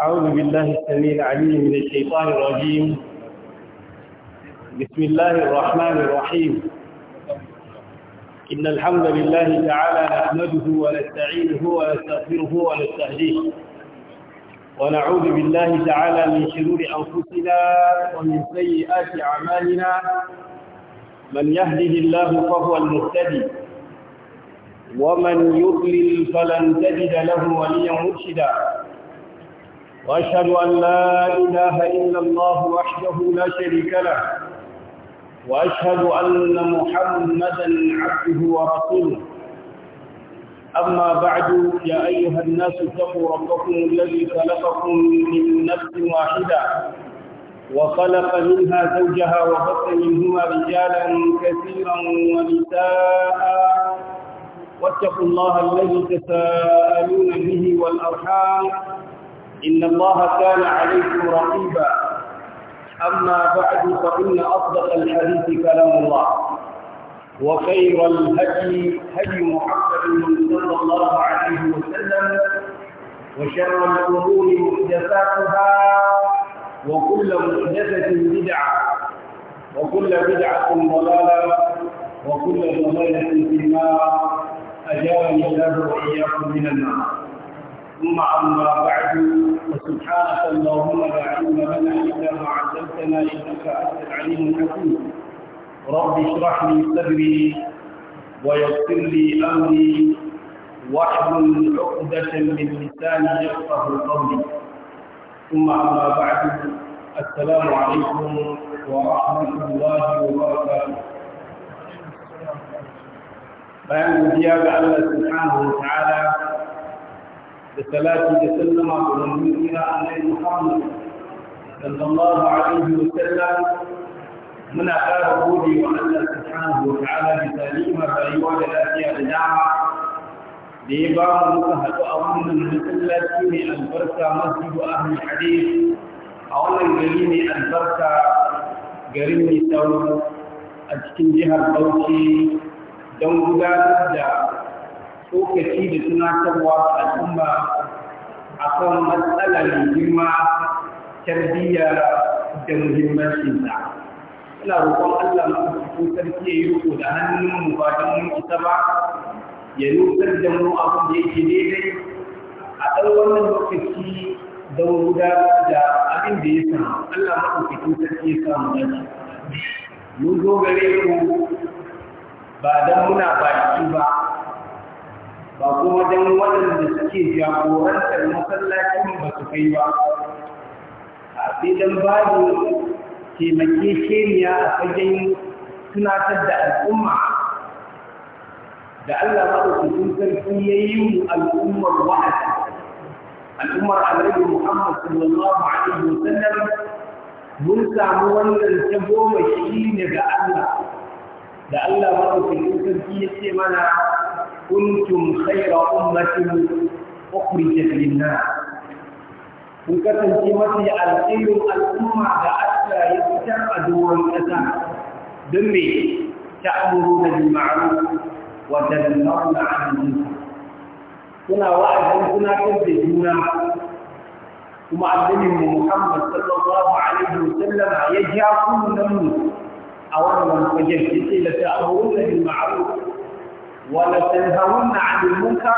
أعوذ بالله السميع العليم من الشيطان الرجيم بسم الله الرحمن الرحيم إن الحمد لله تعالى نحمده ونستعينه ونستغفره ونستهديه ونعوذ بالله تعالى من شرور أنفسنا ومن سيئات أعمالنا من يهده الله فهو المهتدي ومن يضلل فلن تجد له وليا مرشدا وأشهد أن لا إله إلا الله وحده لا شريك له وأشهد أن محمدا عبده ورسوله أما بعد يا أيها الناس اتقوا ربكم الذي خلقكم من نفس واحدة وخلق منها زوجها وبث منهما رجالا كثيرا ونساء واتقوا الله الذي تساءلون به والأرحام إن الله كان عليكم رقيبا أما بعد فإن أصدق الحديث كلام الله وخير الهدي هدي محمد صلى الله عليه وسلم وشر الأمور محدثاتها وكل محدثة بدعة وكل بدعة ضلالة وكل ضلالة في النار أجارني الله وإياكم من النار ثم أما بعد فسبحانك اللهم لا علم لنا إلا ما علمتنا إنك أنت العليم الحكيم رب اشرح لي صدري ويسر لي أمري واحلل عقدة من لساني يفقه قولي ثم أما بعد السلام عليكم ورحمة الله وبركاته بيان زيادة الله سبحانه وتعالى بصلاة وسلم على نبينا محمد صلى الله عليه وسلم muna ƙara gode wa Allah subhanahu wa ta'ala bisa ni'imar rayuwa da lafiya da dama da ya ba mu muka haɗu a wannan masallaci mai albarka masjidu ahli hadith a wannan gari albarka garin mai tsawo a cikin jihar Bauchi don gudanar tsokaci da tunatarwa al'umma a kan matsalar girma tarbiyya da muhimmancinta. Ina roƙon Allah mafi sarki ya yi roƙo da hannun mu ba don mun isa ba, ya nutsar da mu abin da yake daidai a ɗan wannan lokaci don gudanar da abin da ya samu. Allah mafi sarki ya samu dace. Mun zo gare ku ba don muna baki ba, ba ko wajen waɗanda suke jagorantar masallacin ba su kai ba a filin babu taimake sheniya a fagen tunatar da al'umma da Allah maɗaukakin sarki ya yi mu al'ummar wa'azi al'ummar annabi Muhammad sallallahu alaihi wa sallam mun samu wannan ta goma shi ne ga Allah da Allah maɗaukakin sarki ya ce mana كنتم خير أمة أخرجت للناس وكتن تمتي القيم الأمة بأسى يتعدوا الأسان دمي تأمرون بالمعروف وتنهون عن المنكر كنا واحد كنا تمتي دونا ومعلمهم محمد صلى الله عليه وسلم يجعلون نموت أولا وجهتي لتأمرون بالمعروف ولتنهون عن المنكر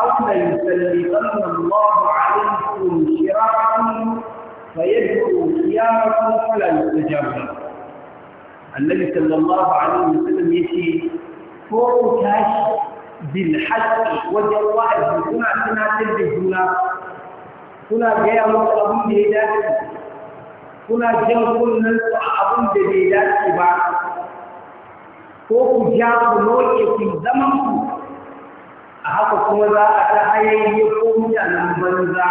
أو ليسلطن الله عليكم شراكم فيدعو خياركم فلا يستجاب النبي صلى الله عليه وسلم يشي فوق كاش بالحق والجوائز كنا كنا تلبسنا كنا جاي أبو ديدات كنا جاي كنا أبو ديدات بعد ko ku ja ku noke ku zama ku a haka kuma za a ta hayayye ko mutanen banza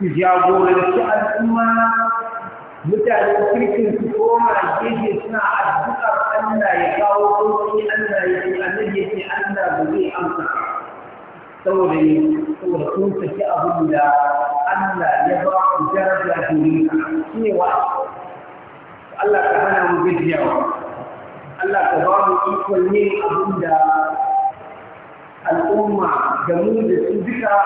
ku jagoranci al'umma mutanen kirkin su koma gefe suna addu'a Allah ya kawo sauki Allah ya yi annabi ya ce Allah ba zai amsa saboda ne saboda kun saki abin da Allah ya ba ku daraja domin shi ne wa Allah ka hana mu gajiyawa Allah ka ba mu ikon ne abin da al'umma da mu da su duka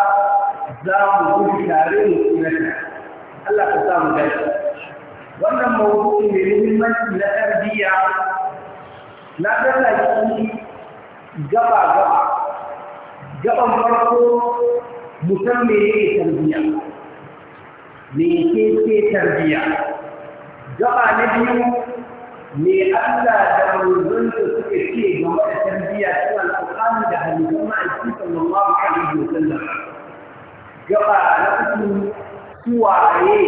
za mu gudu tare mu tsinata Allah ka sa mu dace wannan mawuyi ne muhimmanci na tarbiyya na tsallaki gaba gaba gaban farko mutum me yake tarbiyya me yake tarbiyya gaba na biyu me Allah da manzon da suka ce game da tarbiyya cikin alƙur'ani da hadisan ma'aiki sallallahu alaihi wa sallam gaba na uku suwaye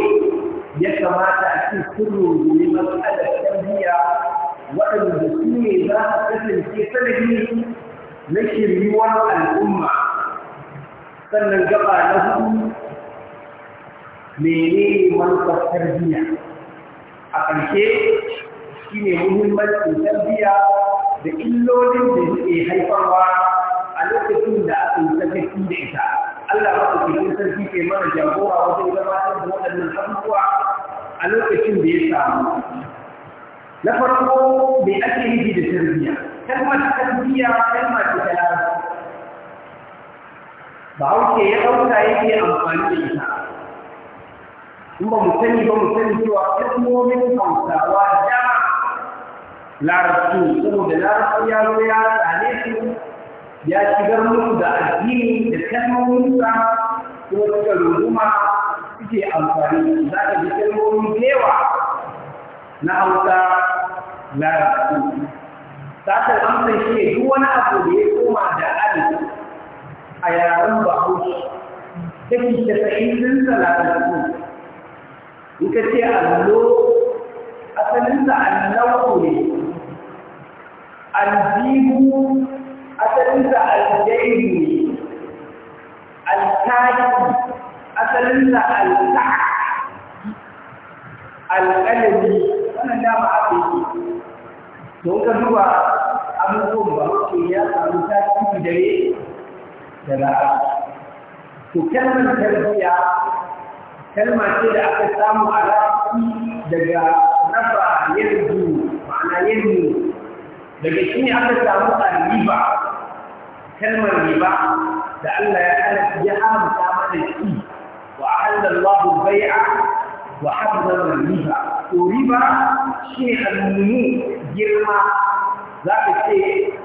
ya kamata a ce sun rungumi matsalar tarbiyya waɗanda su ne za su kasance sanadi na shiryuwar al'umma sannan gaba na hudu menene manufar tarbiyya a ƙarshe shine muhimmancin tarbiyya da illolin da suke haifarwa a lokacin da aka yi sarki da ita Allah ba su sarki ke mana jagora wajen gabatar da waɗannan abubuwa a lokacin da ya samu na farko bai ake yi da tarbiyya kalmar tarbiyya kalmar ta talaba ba hauke ya ɗauka yake amfani da ita in ba mu sani ba mu sani cewa kalmomin hausawa da larabci saboda larabci ya zo ya tsane su ya shigar musu da addini da kalmominsa kuma suka suke amfani za ka ji kalmomi da yawa na hausa larabci satar amsa shi ne duk wani abu da ya koma da alif a yaren bahaushe take tasa'in din salatatu in ka ce allo asalinsa allahu ne aljihu asalinsa aljaihu alkaki asalinsa alka alƙalami wannan dama aka yi don ka duba abubuwan ba ke ya samu tasiri dare da ra'a to kalmar tarbiyya kalma ce da aka samu a daga rafa yanzu ma'ana yanzu daga shi ne aka samu riba kalmar riba da Allah ya halatta ya haramta mana shi wa ahalla bai'a wa harrama riba to riba shi ne almunu girma za ka ce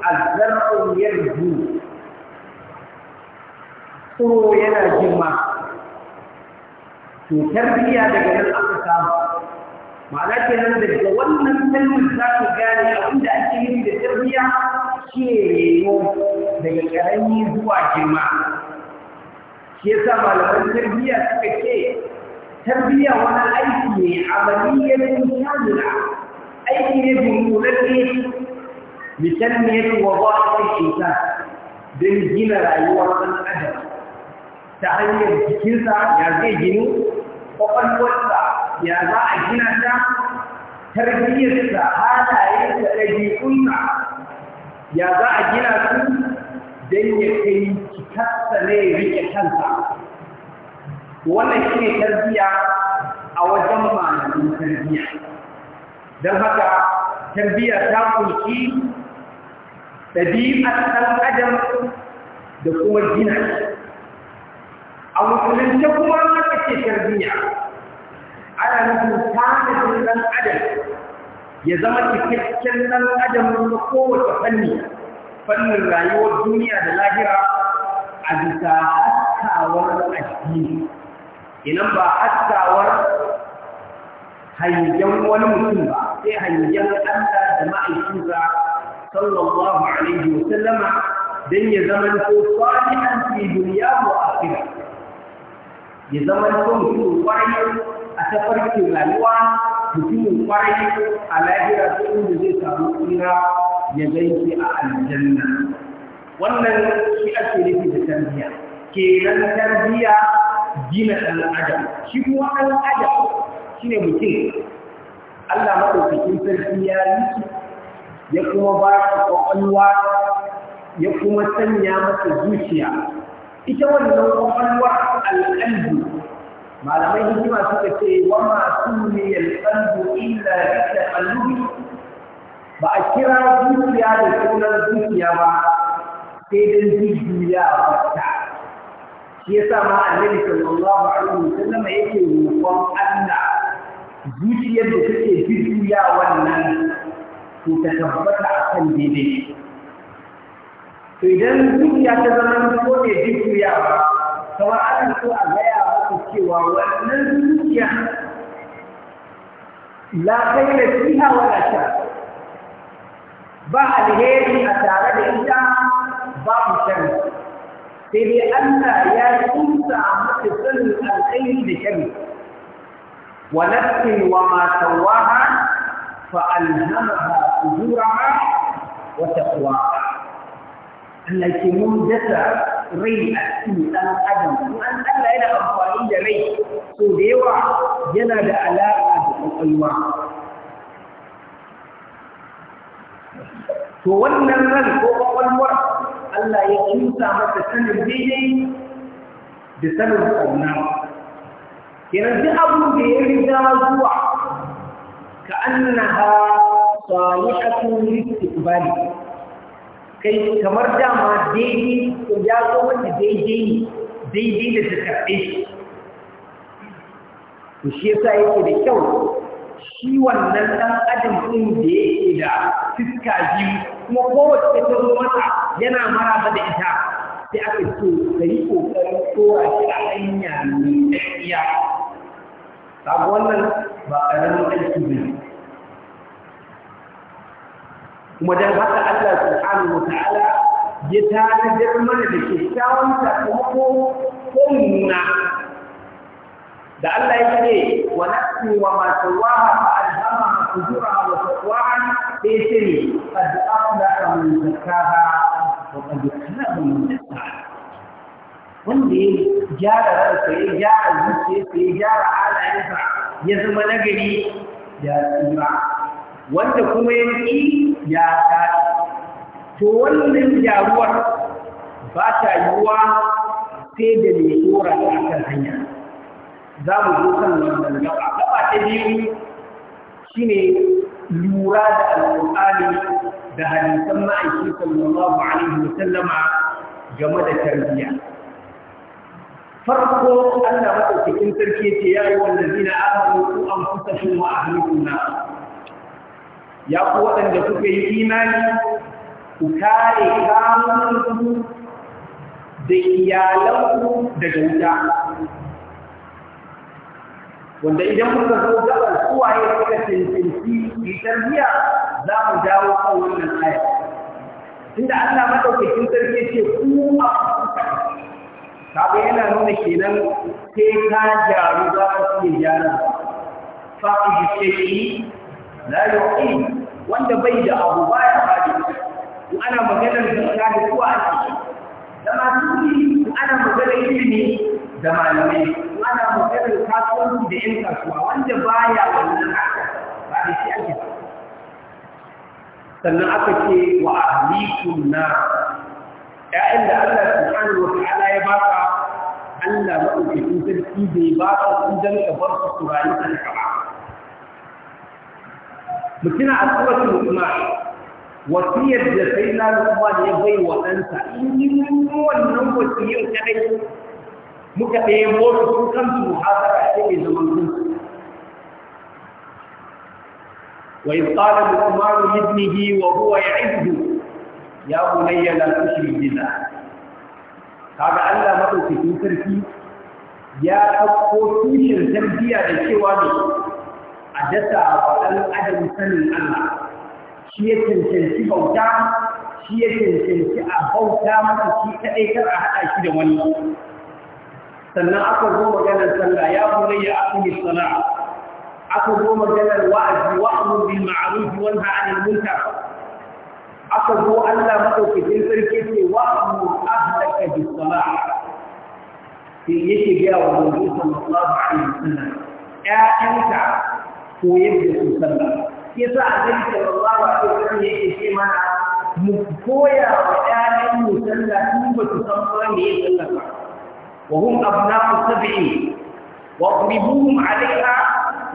azzarun yarju tsoro yana girma to tarbiyya daga nan aka samu ma'ana kenan daga wannan kalmar za ku gane abinda ake yi da tarbiyya shi ne reno daga ƙarami zuwa girma shi yasa malaman tarbiyya suka ce tarbiyya wani aiki ne amaliyar kamila aiki ne dunkulalle misalmiyar wa ba a shekara don gina rayuwar ɗan adam ta hanyar jikinsa ya zai ginu kwakwalwarsa ya za a gina ta tarbiyyarsa halayensa ɗabi'unsa ya za a gina su don ya kai cikarsa ne ya riƙe kansa wannan shi ne tarbiyya a wajen malamin tarbiyya don haka tarbiyya ta kunshi ɗabi'ar ɗan adam da kuma gina a musulunci kuma aka ce tarbiyya ana nufin tanadin ɗan adam ya zama cikakken ɗan adam na kowace fanni fannin rayuwar duniya da lahira a bisa haskawar addini idan ba haskawar hangen wani mutum ba sai hangen Allah da ma'aikinsa sallallahu alaihi wa sallama don ya zama ko salihan fi duniya wa akhirah ya zama ko mutum kwarai a tafarkin rayuwa mutumin kwarai a lahira sun da zai samu tsira ya gaishe a aljanna wannan shi ake nufi da tarbiyya kenan tarbiyya gina ɗan adam shi kuma ɗan adam shi ne mutum Allah maɗaukakin sarki ya yi su ya kuma ba shi ƙwaƙwalwa ya kuma sanya masa zuciya ita wannan ƙwaƙwalwar al'adu malamai hikima suka ce wa ma sunni al-qalbu illa bi taqallubi ba a kira zuciya da sunan zuciya ba sai dan zuciya a ta shi yasa ma annabi sallallahu alaihi wasallam yake roƙon Allah zuciyar da take zuciya wannan to ta tabbata kan daidai to idan zuciya ta zama ko ne zuciya ba kamar an so a gaya السوى والمنزوية لا خير فيها ولا شر بعد هذه أتعالى الإنسان بعض شر فلأن يا أنت مقتل الخير بشر ونفس وما سواها فألهمها أجورها وتقواها Allah mun dasa rai a cikin ɗan adam in an Allah yana amfani da rai so da yawa yana da alaƙa da ƙwaƙwalwa to wannan ran ko ƙwaƙwalwar Allah ya kinsa masa sanin daidai da sanin ƙauna kenan duk abin da ya riga zuwa ka annaha salihatu lil istiqbali kai kamar dama daidai ko ya zo wata daidai ne daidai da ta karɓe shi ku shi yasa yake da kyau shi wannan ɗan ajin ɗin da yake da fiska biyu kuma kowace ta zo mata yana maraba da ita sai aka ce ka yi ƙoƙarin tsora shi a hanya mai tsakiya. Sabu wannan ba ƙaramin aiki ne. kuma don haka Allah subhanahu wa ta'ala ya tanadar mana da kyakkyawan sakamako ko nuna da Allah Ya ce wa nafsi wa ma sawaha fa alhama fujuraha wa taqwaha ya yace ne qad aflaha man zakkaha wa qad khaba man dassaha wanda ya gyara ransa ya gyara zuciyarsa ya gyara halayensa ya zama nagari ya tsira wanda kuma ya ƙi ya tashi to wannan gyaruwar ba ta yiwuwa sai da mai tsora a kan hanya za mu zo kan wannan gaba gaba ta biyu shine lura da alƙur'ani da hadisan ma'aiki sallallahu alaihi wa sallama game da tarbiyya farko Allah madaukakin sarki ce ya yi wanda zina amanu ku an kusa shi wa ahlikum ya ku waɗanda suka yi imani ku kare kamunanku da iyalanku daga wuta wanda idan muka zo gabar suwaye suka cancanci itar biya za mu dawo kan wannan aya inda Allah madaukakin sarki ce ku a kaga yana nuna kenan sai ka jaru za ku iya gyara fa'idu shay'i la yu'in wanda bai da abu baya fadi ana maganar zakka da kuwa a ciki da maturi ana maganar ilimi da malamai ana maganar kasuwanci da yan kasuwa wanda ba ya wannan haka ba da shi ake sannan aka ce wa ahlikum na ƴaƴan da Allah subhanahu wa ta'ala ya baka Allah maɗaukakin sarki bai ba ka sun dan ka bar su turani kan ka ba mutuna a suratul ismail wasiyar da sai na da ya bai wa ɗansa in yi wannan wasiyar kadai muka ɗaya mota sun kansu muhasara a cikin zaman kansu وإذ yi wa لابنه ya يعده يا بني لا تشرك بالله kaga Allah madaukakin sarki ya ɗauko tushen tarbiyya da cewa ne a dasa wa ɗan adam sanin Allah shi ya cancanci bauta shi ya cancanci a bauta masa shi kaɗai kar a haɗa shi da wani sannan aka zo maganar sallah ya kula ya akumi sana aka zo maganar wa'azi wa'amur bil ma'ruf wa nahy 'anil munkar aka zo Allah madaukakin sarki ce wa'amur ahlaka bi salah sai yake biya wa manzo sallallahu alaihi wasallam ƴaƴanka koyar da su sallah ya yasa annabi sallallahu alaihi wasallam ya ce mana mu koya wa ƴaƴan mu sallah in ba su san ba me sallah ba wa hum abna'u sab'i wa qribuhum 'alayha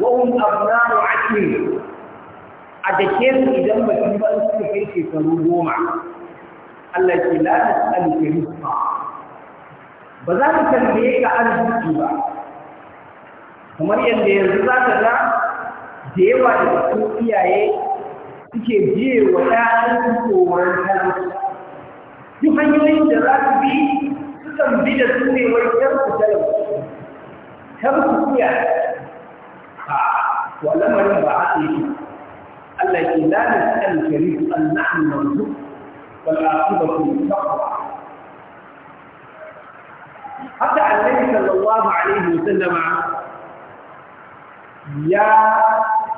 wa hum abna'u 'ashrin a da ke su idan ba su ba su kai shekaru goma Allah ke la tas'aluka rizqa ba za ka tambaye ka arziki ba kamar yadda yanzu za ka ga da yawa daga cikin iyaye suke biye wa ƴaƴan tsoron talauci duk hanyoyin da za su bi sukan bi da su ne wai kar ku talauci kar ku kuya a walamarin ba a tsaye Allah ke lana kan kari annahu marzu wal aqibatu taqwa haka annabi sallallahu alaihi wasallama ya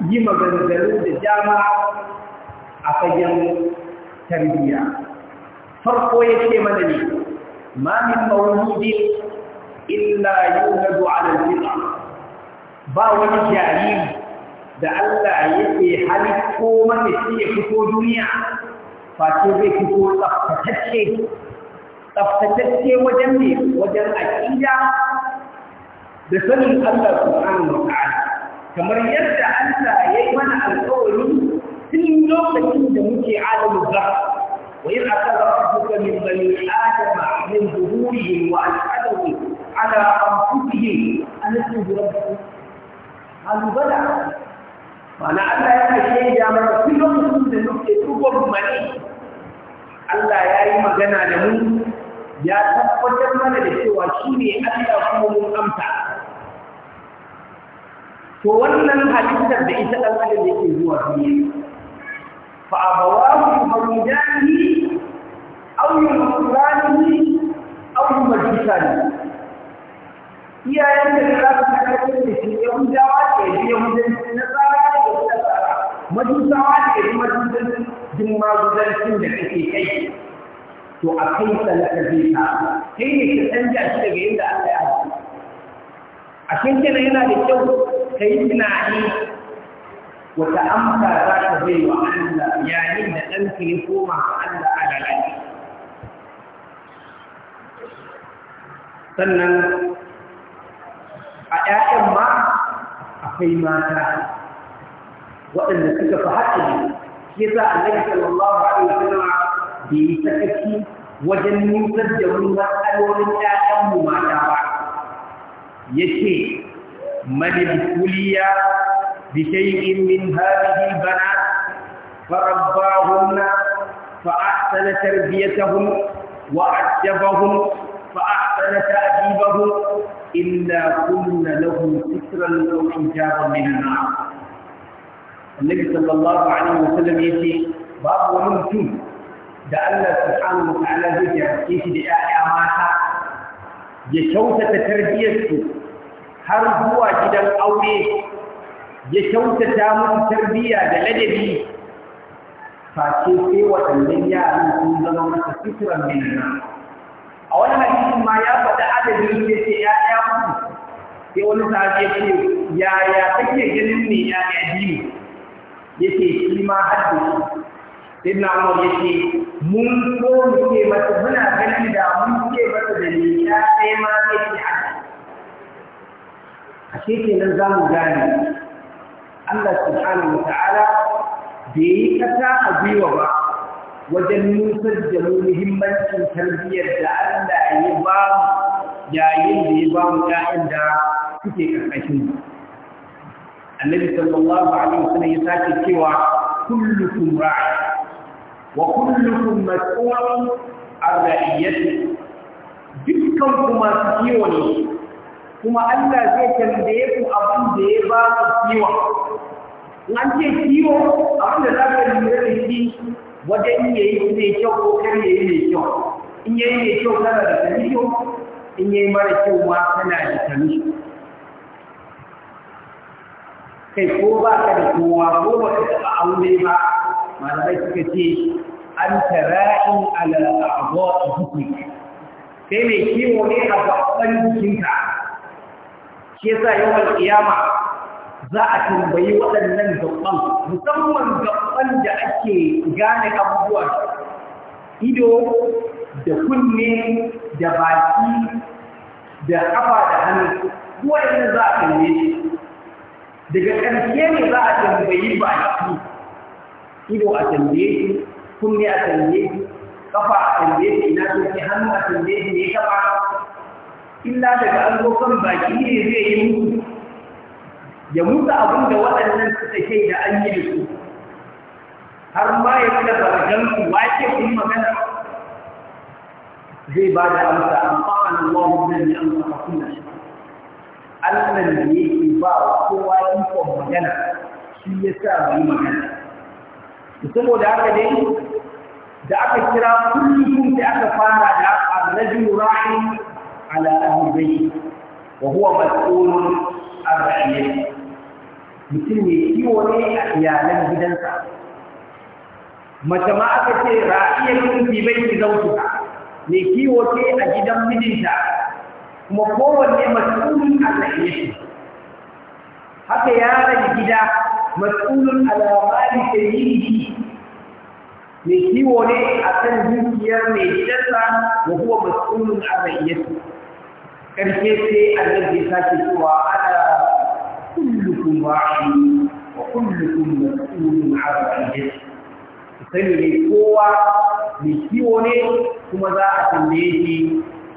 yi maganganu da dama a fagen tarbiyya farko ce mana ne ma min mawludin illa yuladu ala al-fitra ba wani jariri da Allah yake halitto mana shi ya fito duniya face zai fito tsaftatacce tsaftatacce wajen ne wajen aƙida da sanin Allah subhanahu wa kamar yadda Allah ya yi mana alƙawari tun lokacin da muke alamu ba wa yin akara rabbuka min bani adama min zuhurihim wa ashhadu ala anfusihim anasu rabbukum A bala mana Allah ya shaida mana tun lokacin da muke tubar mani Allah ya yi magana da mu ya tabbatar mana da cewa shi ne Allah kuma mun amsa to wannan halittar da ita ɗan adam yake zuwa duniya fa abawahu yufawidanihi aw yunsuranihi aw yumajjisanihi iyayen da za su karɓar da shi yahudawa da yaji yahudanci na tsara da yahudawa majusawa da yaji majusanci duk majusancin da kake kai to a kai tsanaka zai ta kai ne ka canja shi daga inda aka yi a cikin kenan yana da kyau ka yi tunani wata amsa za ka bai wa Allah yayin da ɗanka ya koma wa Allah a lalace. Sannan a ‘ya'yan ma akwai mata waɗanda suka fi haɗari, ya za a nai sallallahu alaihi wasallam da yi sakaci wajen nusar da mu matsalolin ‘ya'yanmu mata ba. Yake من ابتلي بشيء من هذه البنات فرباهن فأحسن تربيتهم وعجبهم فأحسن تأديبهم إلا كن له سترا أو حجابا من النار النبي صلى الله عليه وسلم يأتي باب ومن da Allah subhanahu wa ta'ala zai jarrace shi da ƴaƴa mata ya kyautata tarbiyyarsu har zuwa gidan aure ya kyautata musu tarbiyya da ladabi face sai waɗannan yaran sun zama masa suturan minna a wani hadisin ma ya faɗi adadin ya ce ‘ya'ya mutu sai wani sahabi ya ce yaya kake ganin ne ‘ya'ya biyu ya ce shi ma haddu sai na amur ya ce mun ko muke masa muna ganin da mun ke masa da ne ya ɗaya ma zai ce a ashe kenan za mu gane Allah subhanahu wa ta'ala bai yi kata a gwiwa ba wajen nusar da muhimmancin tarbiyyar da Allah ya ba yayin da ya ba mu ƴaƴan da suke karkashin mu annabi sallallahu alaihi wasallam ya sake cewa kullukum ra'i wa kullukum mas'ulun an dukkan kuma kiwo ne kuma Allah zai tambaye ku abin da ya ba ku kiwa an ce kiwo abin da za ka lura da shi wajen ya yi mai kyau ko kar ya yi mai kyau in ya yi mai kyau kana da kamisho in ya yi mara kyau ma kana da kamisho kai ko ba ka da kowa ko ba ka taɓa aure ba malamai suka ce an tara'in ala a'adwa a hukumi kai mai kiwo ne a babban jikinka shi yasa yawan kiyama za a tambayi waɗannan gaban musamman gaban da ake gane abubuwa ido da kunne da baki da kafa da hannu waɗannan za a tambaye shi daga ƙarshe ne za a tambayi baki ido a tambaye shi kunne a tambaye shi kafa a tambaye shi ina soke hannu a tambaye shi ne kafa illa daga alƙofar baki ne zai yi musu ya mutu abinda waɗannan suka ke da an yi da su har ma ya fi da baragansu wake kun magana zai ba da amsa an fa'an Allah nan ne an faɗa kuna shi Allah ne yake ba kowa ikon magana shi ya sa mu yi magana saboda haka dai da aka kira kullum sai aka fara da arrajul rahim على أهل بيته وهو مسؤول عن رعيته mutum ne kiwo ne a iyalan gidansa mace ma aka ce ra'iyar kunfi bai ki zautuka ne kiwo ce a gidan mijinta kuma kowanne mas'ulun ala iyashi haka yaron gida mas'ulun ala yi shari'i ne kiwo ne a kan dukiyar mai gidansa wa huwa mas'ulun ala iyashi Ƙarfe sai annabi ya sake cewa ana kullukum wa'i wa kullukum mas'ulun 'an ra'iyati sai ne kowa mai kiwo ne kuma za a tambaye shi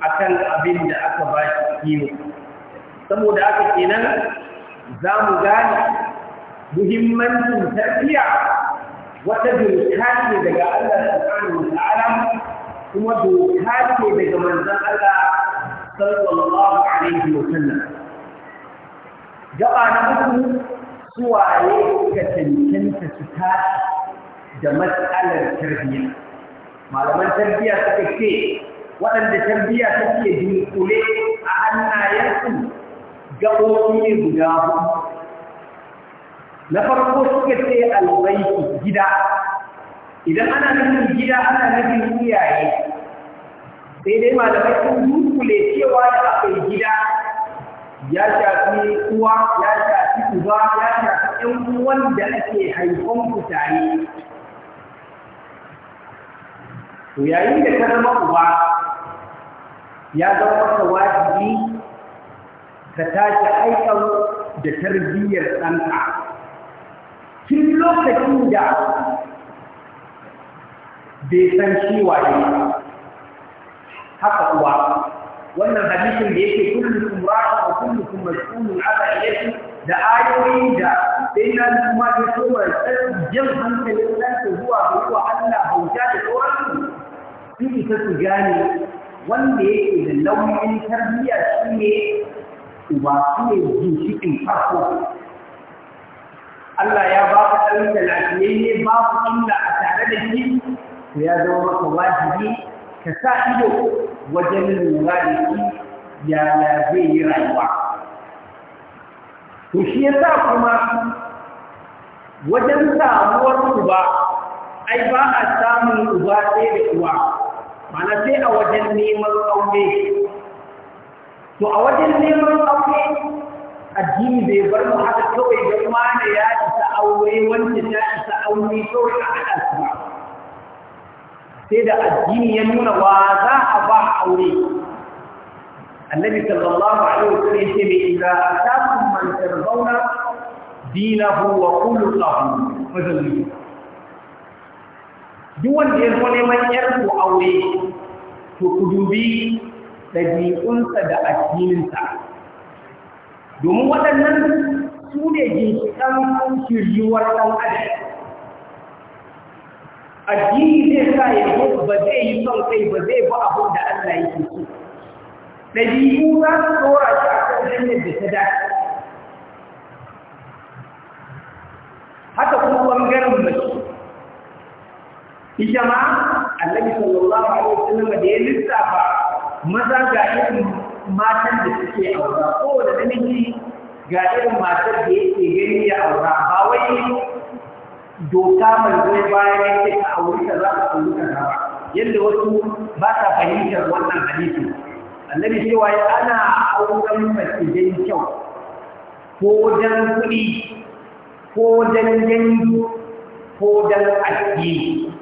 akan abin da aka ba shi kiwo saboda haka kenan za mu gane muhimmancin tarbiyya wata doka ce daga Allah subhanahu wa ta'ala kuma doka ce daga manzon Allah sallallahu alaihi wa sallam gaba na uku suwaye ka cancanta su tashi da matsalar tarbiyya malaman tarbiyya suka ce waɗanda tarbiyya take dunkule a hannayensu gaɓoɓi guda na farko suka ce albaiki gida idan ana nufin gida ana nufin iyaye sai dai malamai sun dunkule cewa da aka yi gida ya shafi uwa ya shafi uba ya shafi ɗan uwan da ake haifan mutane. to yayin da ka zama uba ya zama maka wajibi ka tashi aikan da tarbiyyar ɗanka tun lokacin da bai san shi waye ba haka uwa wannan hadisin da yake kullukum ra'a wa kullukum mas'ulun 'ala ilaykum da ayoyi da sai na kuma da kuma jin hankalin ɗansa zuwa ga zuwa Allah bauta da sauransu sun ta su gane wanda yake da nauyin tarbiyya shine ne uba shi ne farko Allah ya ba ku ɗan ba babu Allah a tare da shi to ya zama maka wajibi Ka sa ido wajen lura da shi zai yi rayuwa to shi ya sa kuma wajen samuwar uba ai ba a samun uba ɗaya da uwa mana sai a wajen neman aure to a wajen neman aure addini bai bar mu haka kawai don ne ya isa aure wanda ta isa aure kawai a haɗa su ba sai da addini ya nuna wa za a ba aure annabi sallallahu alaihi wasallam yace mai idza atakum man tarbawna dinahu wa khuluquhu fazallu duk wanda ya zo neman yar ku aure to ku dubi dabi'unsa da addininsa domin waɗannan su ne ginshiƙan shiryuwar ɗan adam addini zai sa ya yi ba zai yi son kai ba zai ba abin da Allah ya ke so ɗabi'u za su tsora shi a kan hanyar da ta dace haka kuma ɓangaren mace ita ma annabi sallallahu alaihi wasallam da ya lissafa maza ga irin matan da suke aura kowane namiji ga irin matar da yake gani ya aura ba wai doka mai goyi bayan yake a auri za a auri ka ba yadda wasu ba ta fahimtar wannan hadisi annabi cewa ana auren mace dan kyau ko dan kuɗi ko dan dangi ko dan addini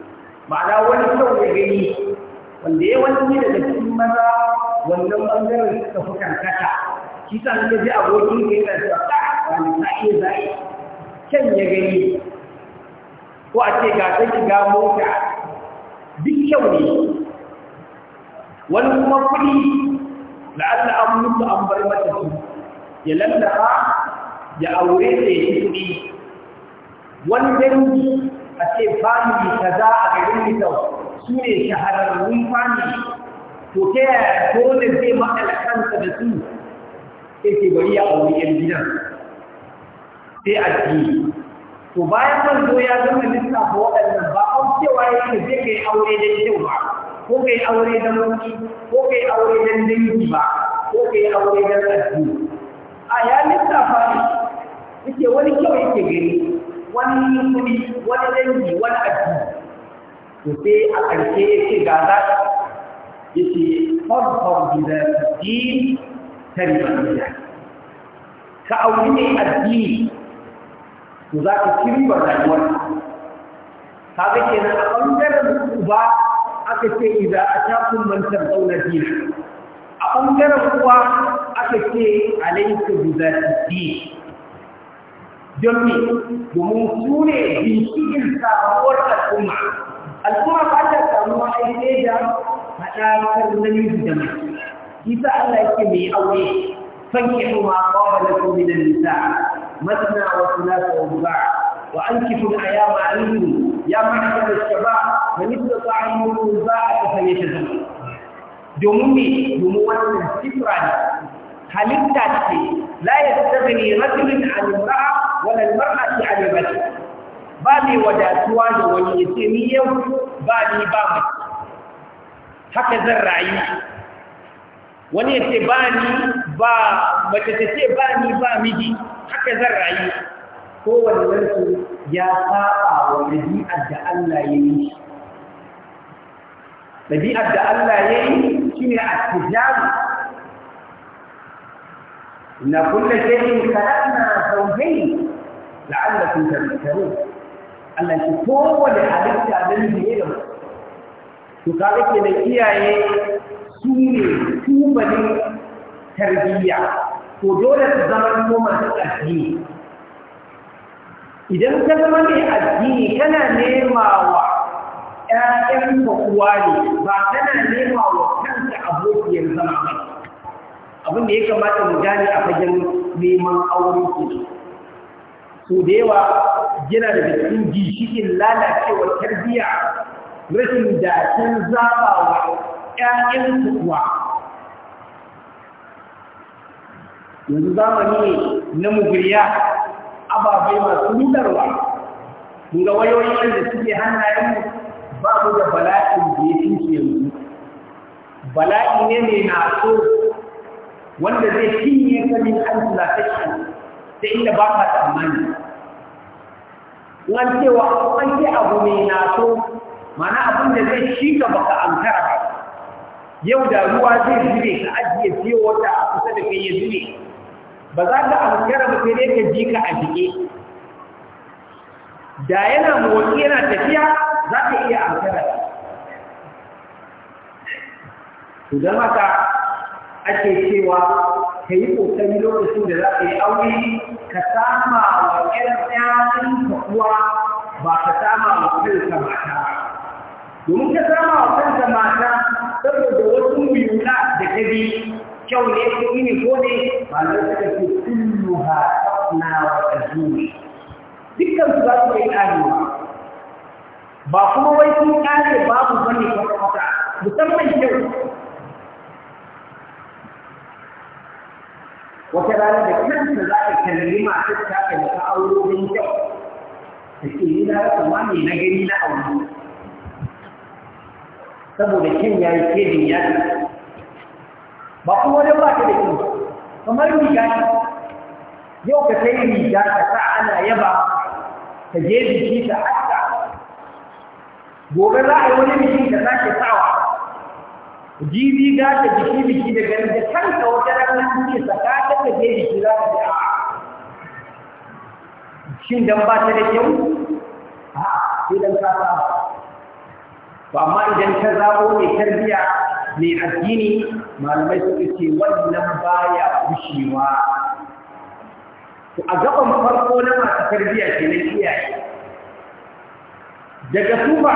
ma'ana wani kyau ya gani wanda ya wani daga cikin maza wannan bangaren suka fi karkata shi sa suka ji abokin ka yana cewa ka wani sa'i zai kyan ya gani ko a ce ga ta ga mota duk kyau ne wani kuma kuɗi la'alla an mutu an bar mata su ya lallaba ya aure da ya ci kuɗi wani dangi a ce family kaza a garin litau su ne shahararrun family to ta yaya dole zai matsala kansa da su sai ke bari ya aure yan gidan sai addini to bayan zo ya zama lissafa waɗannan ba an cewa ya yi zai kai aure da kyau ba ko kai aure da mulki ko kai aure da dangi ba ko kai aure da addini a ya lissafa ne yake wani kyau yake gani wani kuɗi wani dangi wani addini to sai a ƙarshe yake ga za yake farfar gida din tarihi ka aure ne addini to za ka ci ribar rayuwar ka ga kenan a ɓangaren uba aka ce idan a shafin mantar zauna dina a ɓangaren uwa aka ce alaika guda don ne domin su ne ginshikin samuwar al'umma al'umma ba ta samuwa aike da haɗakar namiji da mace isa Allah yake mai aure fanke ma qaba lakum da nisa مثنى وثلاث ورباع وأنكفوا الأيام عليهم يا معشر الشباب من استطاع منكم الباءة فليتزوج domin ne domin wannan sifra ne halitta ce la ya tafi ne rajulin al-mar'a wala al-mar'ati al-rajul ba ne wadatuwa da wani ya ce ni yau ba ni ba mu haka zan rayu wani ya ce ba ni ba mace ta ce ba ni ba miji haka zan rayu kowane wani ya saba wa ɗabi'ar da Allah ya yi shi ɗabi'ar da Allah ya yi shi ne a tijaru na kulle shayin kaɗanna saukai la'allakun da Allah sun Allah shi kowane halitta na ne da to kaga ke da iyaye su ne tubalin tarbiyya ko dole su zama ko masu addini idan ka zama mai addini kana nema wa ƴaƴan kuwa ne ba kana nema wa kanka abokiyar zama ba abin da ya kamata mu gane a fagen neman aure ke so da yawa yana da cikin gishikin lalacewar tarbiyya rashin da can zaba wa ƴaƴan kuwa yanzu zamani ne na mugriya ababai masu nudarwa ga wayoyin da suke hannayenmu ba mu da bala'in da ya cinke yanzu bala'i ne mai naso wanda zai cinye kamin an tilatashen ta inda ba ka tsammani Wani cewa an ce abu mai naso mana abin da zai shi ka baka amtara yau da ruwa zai zube ka ajiye fiye wata a kusa da kai ya zube ba za ka abubuwa ba sai ka ji ka a jike da yana motsi yana tafiya za ka iya abubuwa to don haka ake cewa ka yi ƙoƙari lokacin da za ka yi aure ka sama wa ƴan ka kuwa ba ka sama wa kanka mata domin ka sama wa mata saboda wasu muyuna da ka bi kyau ne ko ini ko ne malamai suka ce kulluha tafna wa tazuri dukkan su za su kai karewa ba kuma wai sun kare babu bane kwata kwata musamman kyau wata rana da kanta za ka kalli masu ta ka da aurorin kyau da ke yi na rasa wani na gari na aure saboda kyan ya yi kedin ya ba kuma wajen ba ta da ke, kamar riga ne yau ka sai riga ka sa ana yaba ta je biki ta aska. gobe za a yi wani biki za sake sawa jibi za ta biki biki da ganin da kanka wata ranar ce tsakanin ka je biki za ka je a shin dan ba ta da kyau a sai dan ka saba Ba amma idan ka zaɓo mai tarbiyya. mai addini malamai suka ce wannan baya gushewa to a gaban farko na masu tarbiyya ke na iyaye daga su ba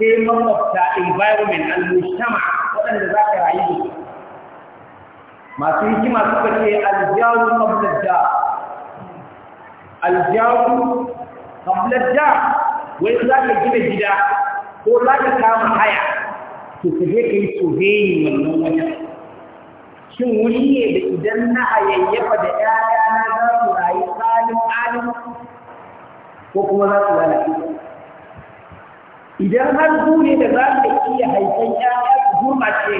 sai makwabta environment al-mujtama waɗanda za ka rayu da su masu hikima suka ce aljawu qabla aljawu wai za ka gina gida ko za ka kama haya to ka je ka yi sobeyin wannan wajen shin wani ne da idan na hayayyafa da ‘ya'yana za su rayu tsalin alim ko kuma za su lalace idan har ne da za ka iya haifan ‘ya'ya su gurmace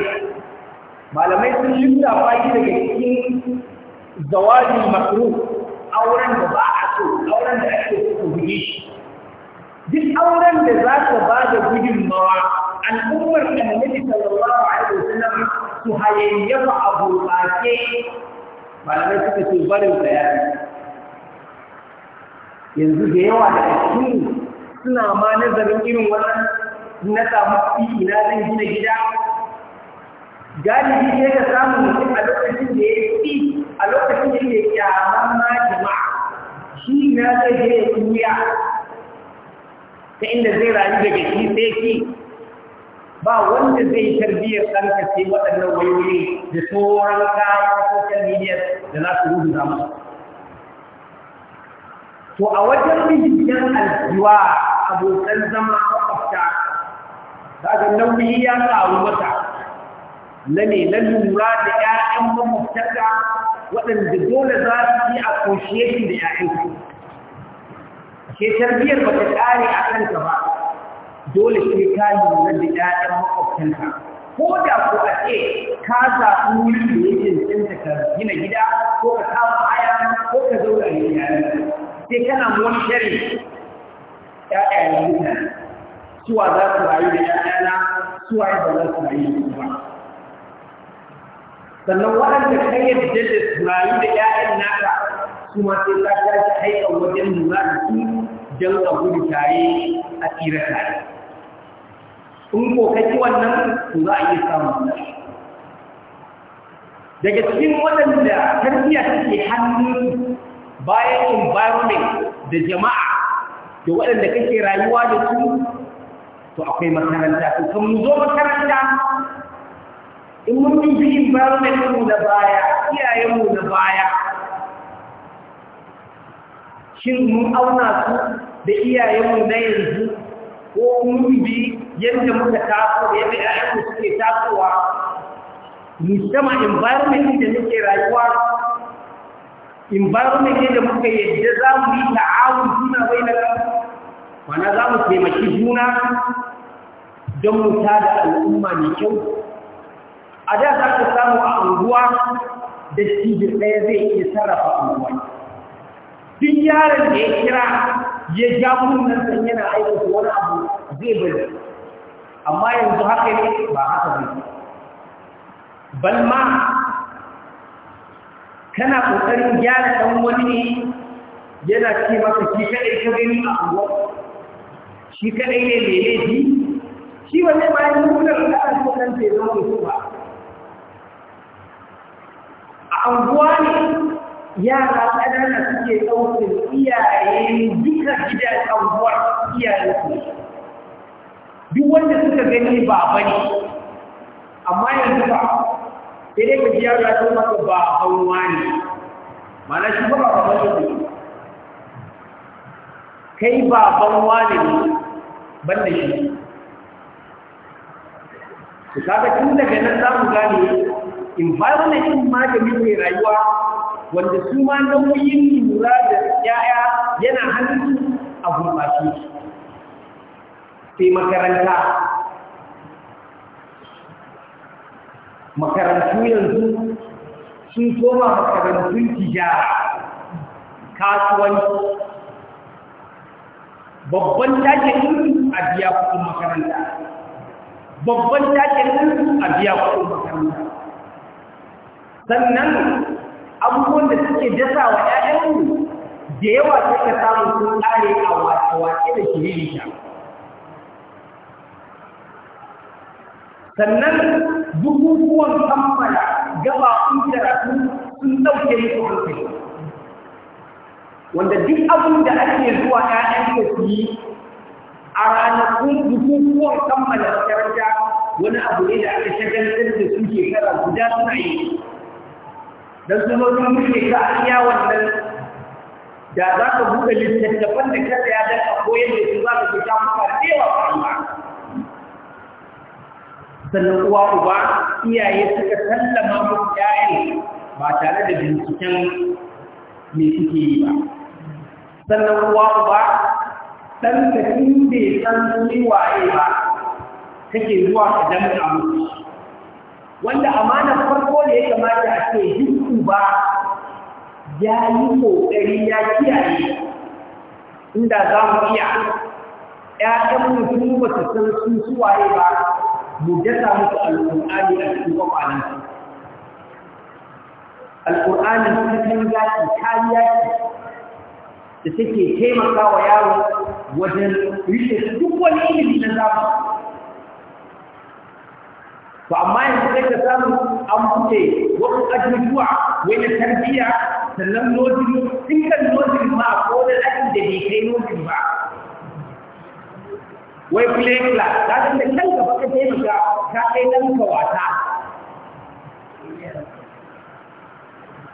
malamai sun lissafa shi daga cikin zawajin makaru auren da ba a so auren da ake so ku buge shi duk auren da za ka ba da gudunmawa al'ummar annabi sallallahu alaihi wasallam su ba a gurɓace malamai suka ce barin bayani yanzu da yawa da cikin suna ma nazarin irin wannan na samu fi na zan gina gida galibi sai da samu mutum a lokacin da ya fi a lokacin da ya kyaman ma jama'a shi na zai ya ta inda zai rayu daga shi sai shi ba wanda zai tarbiyyar ɗanka sai waɗannan wayoyi da sauran kayan social media da za su rubuta masa to a wajen binciken aljiwa abokan zama makwabta kaga nauyi ya karu mata na ne na lura da 'ya'yan makwabtarka waɗanda dole za su yi a koshe da 'ya'yansu ke tarbiyyar ba ta ƙare a kanta ba dole sai ka lura da ƴaƴan makwabtanka ko da ko a ce ka zaɓi wurin da yake cancanta ka gina gida ko ka kama haya ko ka zauna da iyalanka sai kana wani shari ƴaƴayen mutane suwa za su rayu da ƴaƴana suwa ba za su rayu da ba sannan waɗanda ka yadda da su rayu da ƴaƴan naka su ma sai ka ta haikan wajen da za su don a gudu tare a tsira tare in ko kaci wannan to za a iya samu daga cikin waɗanda tarbiyya take hannu bayan environment da jama'a da waɗanda kake rayuwa da su to akwai makaranta to kan mu zo makaranta in mun bibi environment mu na baya iyayen mu na baya shin mun auna su da iyayen mu na yanzu ko mun bi yadda muka taso yadda ‘ya'yanmu suke tasowa musamma environment da muke rayuwa environment da muka yadda za mu yi ta'awun juna bai na mana za mu taimaki juna don mu da al'umma mai kyau a da za ka samu a unguwa da cibir ɗaya zai iya sarrafa unguwa duk yaron da ya kira ya ja kunnen yana aikata wani abu zai bari amma yanzu haka ne ba haka ne bal ma kana kokarin gyara dan wani yana ce maka shi kadai ka gani a unguwa shi kadai ne mai laifi shi wanne ma yanzu kuna da kan so nan sai zama mutum ba a unguwa ne yara ƙanana suke ɗaukar iyaye duka gidan unguwar iyayen su duk wanda suka gani ba bane amma yanzu ba dai ka ji ya ce maka ba hawa ne mana shi ba ba ba ne kai ba banwa ne ban shi su kaga tun daga nan za mu gane in environment din ma da mai rayuwa wanda su ma nauyin lura da yaya yana hannun a gurɓace shi sai makaranta makarantu yanzu sun koma makarantun tijara kasuwanci babban taken yin a biya kudin makaranta babban taken yin a biya kudin makaranta sannan abubuwan da suke dasa wa ‘ya'yanmu da yawa suka samun sun ƙare a wace da shiriri shafi sannan bukukuwan kammala gaba sun karatu sun ɗauke musu hankali wanda duk abin da ake zuwa ‘ya'yan ka su yi a ranakun bukukuwan kammala makaranta wani abu ne da aka shagaltar da su shekara guda suna yi don su zo sun muke ka a iya wannan da za ka buɗe littattafan da ka tsaya don a koyar da su za ka fita muka da yawa ba sannan uwa uba iyaye suka sallama muku yayin ba tare da binciken me suke yi ba sannan uwa uba dan ka bai san ni waye ba take zuwa ka damta musu wanda amanar farko da ya kamata a ce duk uba ya yi kokari ya kiyaye inda za mu iya ‘ya'yan mutum ba su san sun suwaye ba mu dasa musu alƙur'ani a cikin kwakwalen su alƙur'ani cikin zaki kariya ce da take taimaka wa yaro wajen rike duk wani ilimi na zamani to amma yanzu sai ka samu an buɗe wasu ajujuwa wai na tarbiyya sannan nojiri sun kan nojiri ma ko da ajin da bai kai nojiri ba wai play class ta san da kanka taimaka ta kai nan ka wata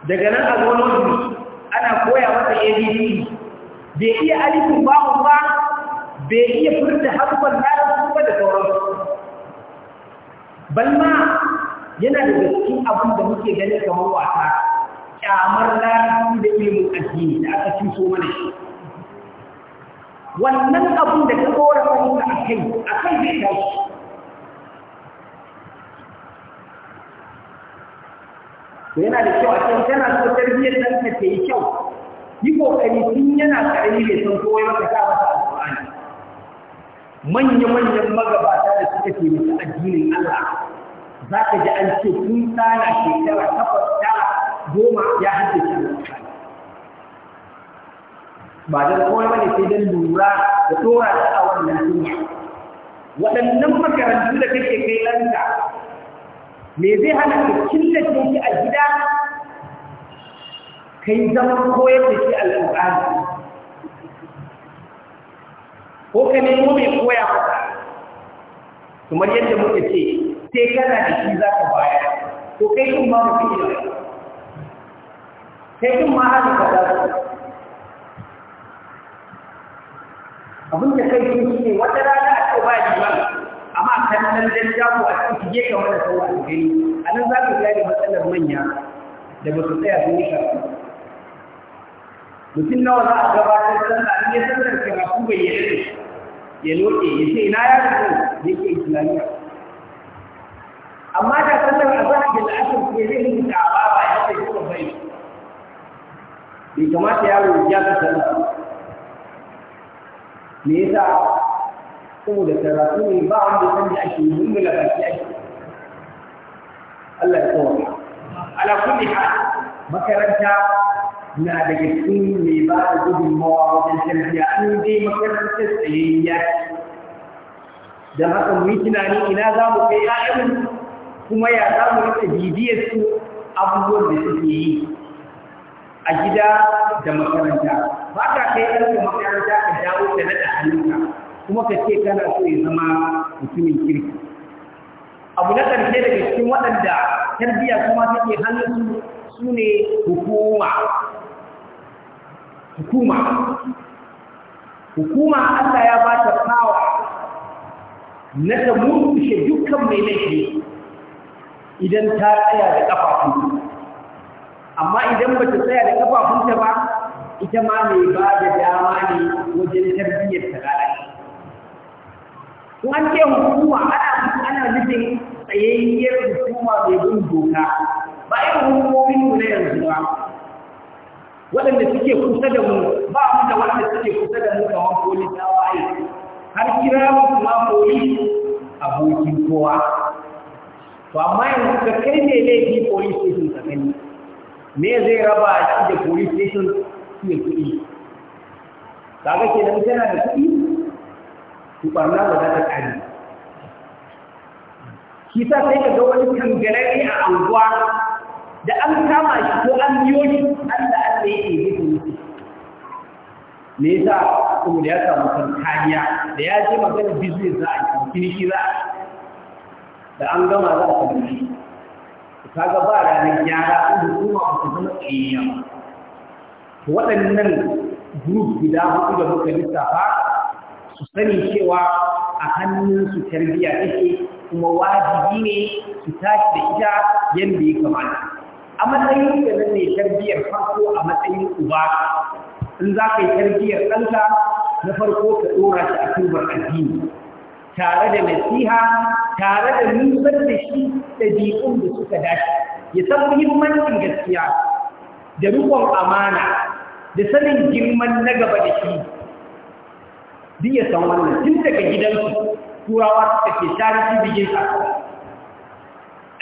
daga nan a zo ana koya masa abc bai iya alifin bawon ba bai iya furta harkar larabci ba da sauransu balma yana da cikin abin da muke ganin kamar wata, kyamar larabci da ilimin addini da aka ciso mana shi wannan abin da ta tsora fahimta a kai a kai zai tashi yana da kyau a can tana so tarbiyyar ɗanka ta yi kyau yi kokari tun yana karami bai san kowa maka ta masa alƙur'ani manya-manyan magabata da suka taimaki addinin Allah za ka ji an ce tun tsara shekara takwas tara goma ya haddace alƙur'ani ba don kawai ne sai don lura da tsora da a wannan sunna waɗannan makarantu da kake kai ɗanka me zai hana ka killace shi a gida kai zaman koyar da shi al'ur'ani ko ka nemo mai koya maka kamar yadda muka ce sai kana da shi za ka baya ko kai kun ma mutum ne kai kun ma haka ka za abin da kai kin shine wata rana a kai ba liman amma kan nan dan jago a cikin je ka wani sauwa a gani a nan za ka gane matsalar manya da ba su tsaya sun yi karatu mutum nawa za a gabatar da in ya sallar karatu bai yi ya loke ya ce ina ya fito da yake islamiyya amma da sallar azhar da al'asr ke zai rubuta a baba ya ce ko bai bai kamata yaro ya fita sallah me yasa saboda karatu ne ba wanda san da ake yi mun ga baki ake Allah ya tsawaye ala kulli hal makaranta na daga cikin mai ba da gudunmawa wajen tarbiyya an dai makarantar tsayayya da haka mu yi tunani ina za mu kai ya'yan kuma ya za mu rika bibiyar su abubuwan da suke yi a gida da makaranta ba ka kai ɗanka makaranta ka dawo da naɗa hannunka kuma ka ce kana so ya zama mutumin kirki abu na ƙarshe daga cikin waɗanda tarbiyya kuma take hannunsu su ne hukuma hukuma hukuma Allah ya ba ta fawa na ta murkushe dukkan mai laifi idan ta tsaya da ƙafafunta amma idan ba ta tsaya da ƙafafunta ba ita ma mai ba da dama ne wajen tarbiyyar talaka ko an ce hukuma ana ana nufin tsayayyar hukuma mai bin doka ba irin hukumomin mu na yanzu ba waɗanda suke kusa da mu ba mu da wanda suke kusa da mu kamar polisawa ai har kira mu kuma polis abokin kowa to amma yanzu ka kai ne laifi polis station ka gani me zai raba shi da police station iya kuɗi kaga ke nan da kuɗi ku ɓarna ba za ta ƙari shi sa sai ka ga wani kangarare a anguwa da an kama shi ko an biyo shi an da an da yake yi mutu me yasa saboda ya samu kankaniya da ya je magana business za a yi kiniki za da an gama za a kamar shi kaga ba ranar gyara in hukuma ba ta zama tsayayya waɗannan group guda hudu da muka lissafa su sani cewa a hannunsu tarbiyya take kuma wajibi ne su tashi da ita yadda ya kamata a matsayin da nan ne tarbiyyar farko a matsayin uba in za ka yi tarbiyyar ɗanka na farko ka ɗora shi a turbar addini tare da nasiha tare da nusar da shi ɗabi'un da suka dace ya san muhimmancin gaskiya da rikon amana da sanin girman na gaba da shi duk ya san wannan tun daga gidansu turawa suka ke tarihi bigin sa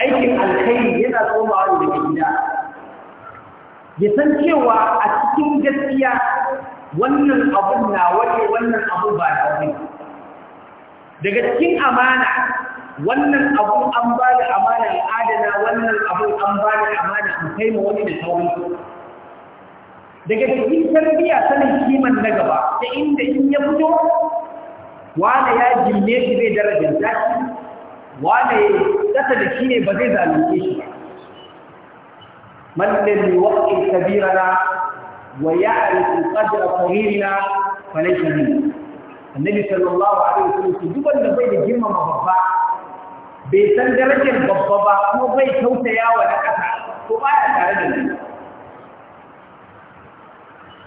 aikin alkhairi yana tsomawa daga gida ya san cewa a cikin gaskiya wannan abun na wani wannan abu ba da wani daga cikin amana wannan abun an ba da amana adana wannan abun an ba da amana in kai ma wani da sauransu daga cikin tarbiya sanin kiman na gaba ta inda in ya fito wane ya jille shi zai darajar zaki wane kasa da shi ne ba zai zalunce shi ba man lalli waqti kabirana wa ya'rifu qadra saghirina fa laysa min annabi sallallahu alaihi wasallam duban da bai da girmama babba bai san darajar babba ba kuma bai tausaya wa na kasa ko baya tare da ni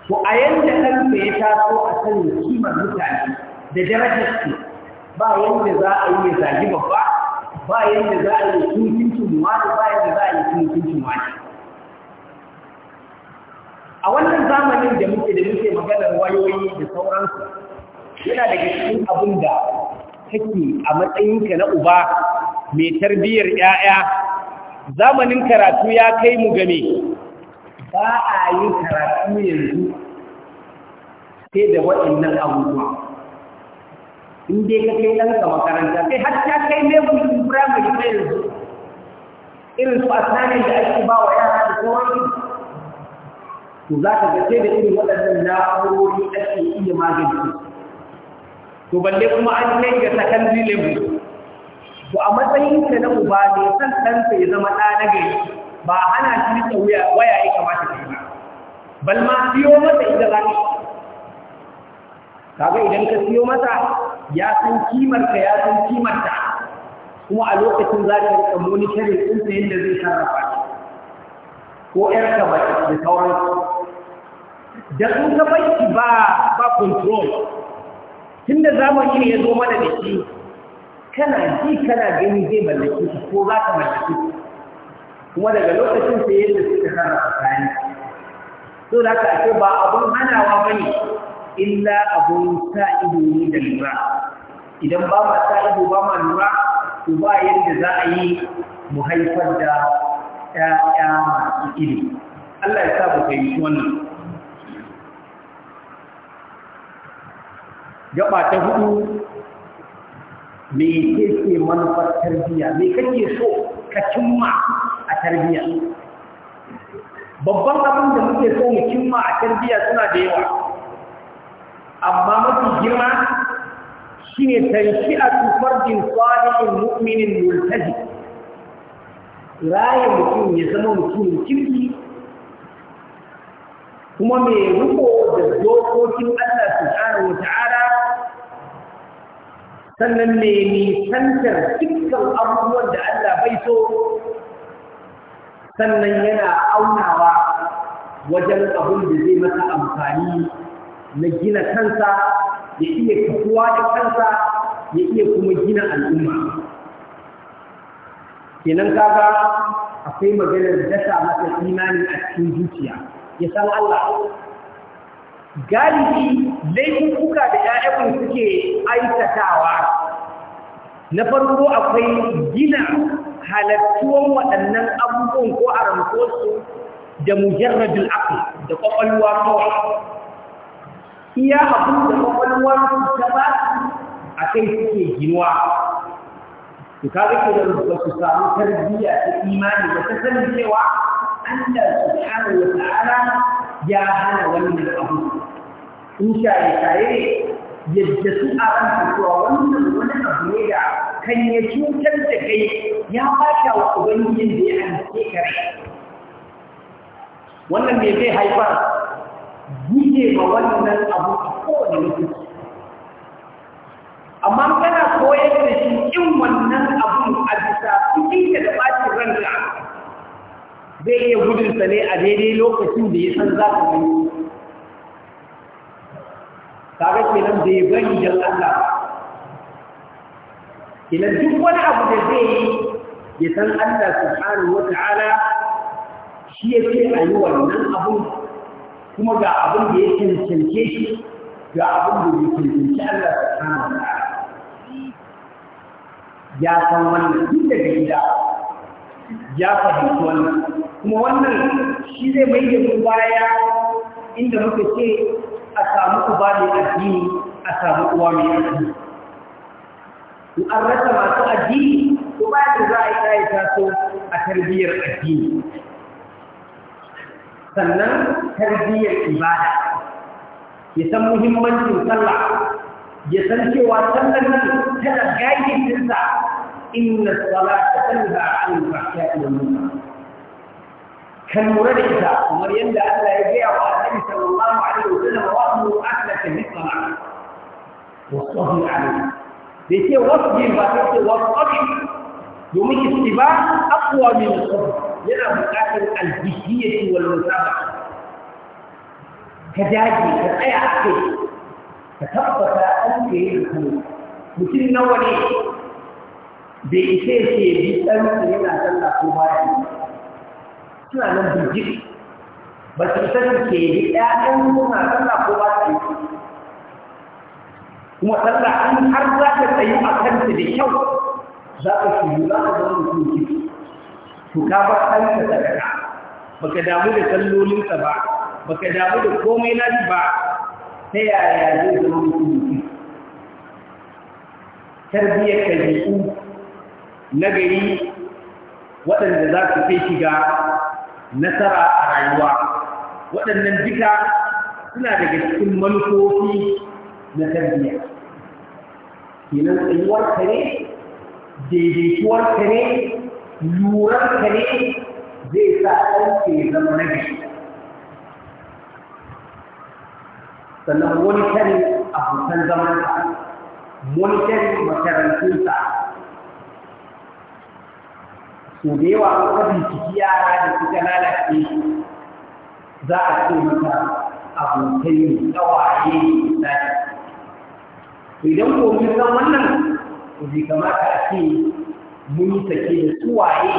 to a yanda ɗanka ya taso a sanin kimar mutane da darajar su ba yanda za a yi ya zagi babba ba yanda za a yi tuntuncin da ba yanda za a yi tuntuncin wani a wannan zamanin da muke da muke maganar wayoyi da sauransu yana daga cikin abin da take a matsayinka na uba mai tarbiyyar 'ya'ya zamanin karatu ya kai mu game ba a yi karatu yanzu sai da waɗannan abubuwa in dai ka kai ɗanka makaranta sai har ta kai level primary ta yanzu irin su asanin da ake ba wa yara da sauransu to za ka ga da irin waɗannan na'urori ake iya magance to balle kuma an kai ga secondary level to a matsayin ka na uba ne san ɗansa ya zama ɗa na gari ba hana shi rike waya ya kamata ta yi ba siyo masa ita za ka kaga idan ka siyo masa ya san kimar ya san kimar kuma a lokacin za ka rika monitoring din sa yadda zai sarrafa shi ko yar ka ba da sauran da sun ka baki ba ba control tunda zamani ne ya zo mana da shi kana ji kana gani zai mallake shi ko za ka mallake kuma daga lokacin sai yadda suka sarrafa kayan so da ka ce ba abun hanawa bane illa abun sa ido ne da lura idan ba ma sa ido ba ma lura to ba yadda za a yi mu haifar da yaya masu Allah ya sa ku fahimci wannan gaba ta hudu me yake manufar tarbiyya me kake so ka cimma a tarbiyya babban abin da muke so mu cimma a tarbiyya suna da yawa amma mafi girma shine tanshi'atu fardin salihin mu'minin multaji raye mutum ya zama mutumin kirki kuma mai riko da dokokin Allah su wa ta'ala sannan mai nisantar dukkan abubuwan da Allah bai so sannan yana aunawa wajen abin da zai masa amfani na gina kansa ya iya kafuwa da kansa ya iya kuma gina al'umma kenan kaga akwai maganar dasa masa imani a cikin zuciya ya san Allah galibi laifuka da ƴaƴan suke aikatawa na farko akwai gina halattuwan waɗannan abubuwan ko a ramkosu da mujarradul aql da kwakwalwa kawai iya abun da kwakwalwa ta ba a kai suke ginuwa to kaga kenan ba su samu tarbiyya ta imani ba ta san cewa Allah subhanahu wa ta'ala ya hana wannan abu in shaye shaye yadda su a ran cewa wannan wani abu ne da kan ya cutar da kai ya bata wa ubangijin da ya halice ka wannan me zai haifar guje ma wannan abu a kowane lokaci amma kana koyar da shi in wannan abun a bisa cikin ka da bacin ranka zai iya gudunsa ne a daidai lokacin da ya san za ka gani kaga kenan bai bari dan Allah ba kenan duk wani abu da zai yi ya san Allah subhanahu wata'ala shi yake a yi wannan abun kuma ga abin da ya cancance shi ga abin da ya cancanci Allah subhanahu wata'ala ya san wannan duk daga gida ya fahimci wannan kuma wannan shi zai mai da baya inda muka ce a samu uba mai addini a samu uwa mai addini in an rasa masu addini ko ba da za a yi ɗaya taso a tarbiyyar addini sannan tarbiyyar ibada ya san muhimmancin sallah ya san cewa sallar nan tana gaidisinsa inna salata tanha anil fahsha'i wal munkar كان مرادئة ومن يندى أن لا يجيع وأنه صلى الله عليه وسلم وأنه أهلة مثل معنا وصفه عليه لكي يعني. وصفه فتبت وصفه يومي استباع أقوى من الصبر لأنه مقاتل الجهية والمسابقة كجاجي كأي عقل كتبت أنت الخلق مثل نولي بإساسي بسنة لنا سنة مباركة suna nan birgit ba su isa da ke yi ɗayan suna sallah ko ba su kuma sallah an har za ka tsayi a kanta da kyau za ka shi za ka zama mutum ki to ka ba ka sadaka baka damu da sallolinsa ba baka damu da komai nashi ba ta yaya zai zama mutum ki tarbiyyar ɗabi'u na gari waɗanda za su kai shiga nasara a rayuwa waɗannan duka suna daga cikin manufofi na tarbiyya kenan tsayuwar ka ne daidaituwar ka ne lurar ka ne zai sa ɗan ke zama na sannan wani kare abokan zamansa wani kare makarantunsa to da yawa an yara da suka lalace za a ce maka abokai ne kawaye misali to idan ko mun san wannan to bai kamata a ce mun sake da suwaye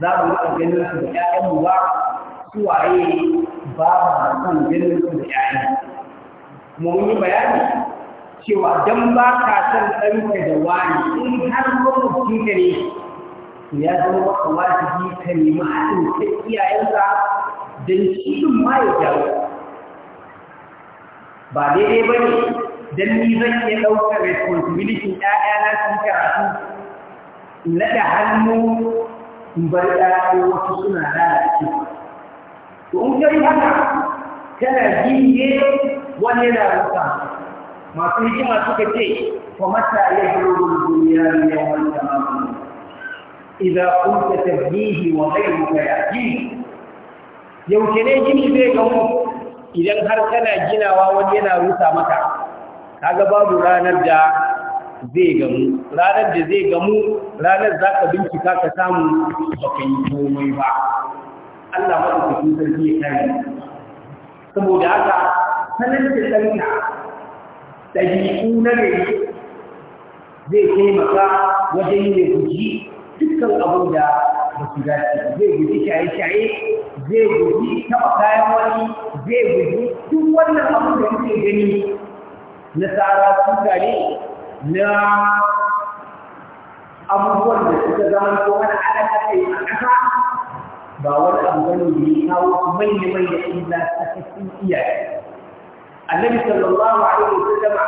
za mu rika ganin su da mu ba suwaye ba ma san ganin su da ƴaƴan kuma mun yi bayani cewa dan ba ka san ɗanka da wani in har lokacin ka ne to ya zama maka wajibi ka nemi haɗin kan iyayenka don shi ɗin ma ya jawo ba daidai ba ne don ni zan iya ɗaukar responsibility ɗaya'yana sun karatu in naɗa hannu in bar ɗaya wasu suna lalace to in kai haka kana jiye wani na rufa masu hikima suka ce fa mata ya zo duniya ne yawan jama'a إذا قلت تبنيه وغيرك يأتيه yaushe ne gini zai gamu idan har kana ginawa wani yana rusa maka kaga babu ranar da zai gamu ranar da zai gamu ranar za ka bincika ka samu ba ka yi komai ba Allah fi sarki ya kare saboda haka sanar da ɗanka ɗabi'u na gari zai taimaka wajen ya guji kan abin da ba su dace zai guji shaye-shaye zai guji taɓa kayan wani zai guji duk wannan abin da muke gani na tsara suka ne na abubuwan da suka zama ko wani alaƙa kai a ƙasa ba wani abu gano da ya kawo manya-manya illa sakacin iyaye annabi sallallahu alaihi wasallam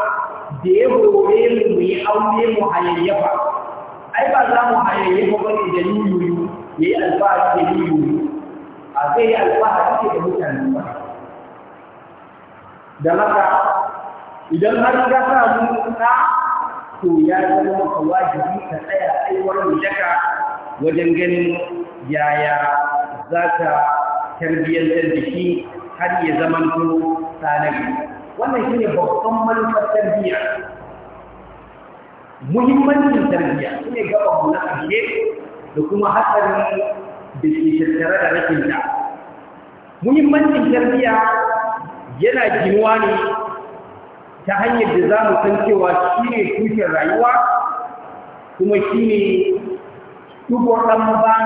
da ya gobe mu yi aure mu hayayyafa ai ba za mu ko ba bane da yuyuyu yayi alfahari da yuyu a sai yi alfahari da da mutane ba da maka idan har ka mu na to ya zama maka wajibi ka tsaya wannan daga wajen ganin yaya za ka tarbiyyantar da shi har ya zama ko wannan shine babban manufar tarbiyya muhimmancin tarbiyya shine gaban mu na ƙarshe da kuma hatsari da ke tattare da rashin ta muhimmancin tarbiyya yana ginuwa ne ta hanyar da za mu san cewa shine tushen rayuwa kuma shi ne ɗan ba